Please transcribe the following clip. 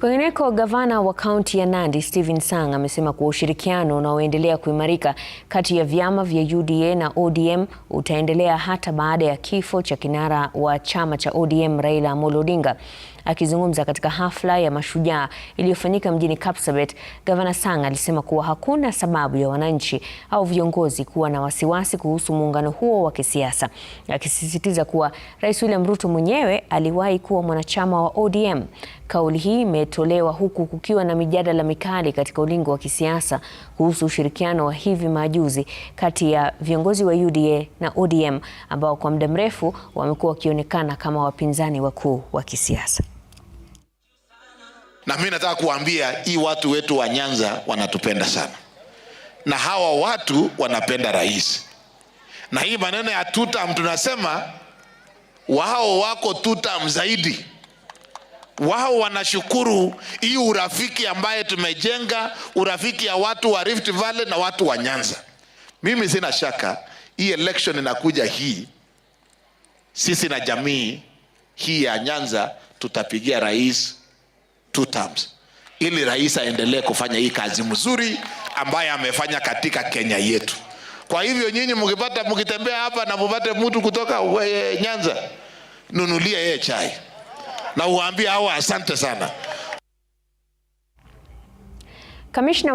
Kwengineko, gavana wa kaunti ya Nandi Stephen Sang amesema kuwa ushirikiano unaoendelea kuimarika kati ya vyama vya UDA na ODM utaendelea hata baada ya kifo cha kinara wa chama cha ODM Raila Amolo Odinga. Akizungumza katika hafla ya mashujaa iliyofanyika mjini Kapsabet, Gavana Sang alisema kuwa hakuna sababu ya wananchi au viongozi kuwa na wasiwasi kuhusu muungano huo wa kisiasa, akisisitiza kuwa Rais William Ruto mwenyewe aliwahi kuwa mwanachama wa ODM. Kauli hii imetolewa huku kukiwa na mijadala mikali katika ulingo wa kisiasa kuhusu ushirikiano wa hivi majuzi kati ya viongozi wa UDA na ODM ambao kwa muda mrefu wamekuwa wakionekana kama wapinzani wakuu wa kisiasa na mimi nataka kuambia hii watu wetu wa Nyanza wanatupenda sana, na hawa watu wanapenda rais, na hii maneno ya tutam tunasema wao wako tutam zaidi. Wao wanashukuru hii urafiki ambaye tumejenga, urafiki ya watu wa Rift Valley na watu wa Nyanza. Mimi sina shaka hii election inakuja hii, sisi na jamii hii ya Nyanza tutapigia rais two terms, ili rais aendelee kufanya hii kazi mzuri ambayo amefanya katika Kenya yetu. Kwa hivyo nyinyi mkipata mkitembea hapa na mupate mtu kutoka we, eh, Nyanza, nunulie yeye chai na uambie hawa asante sana. Kamishna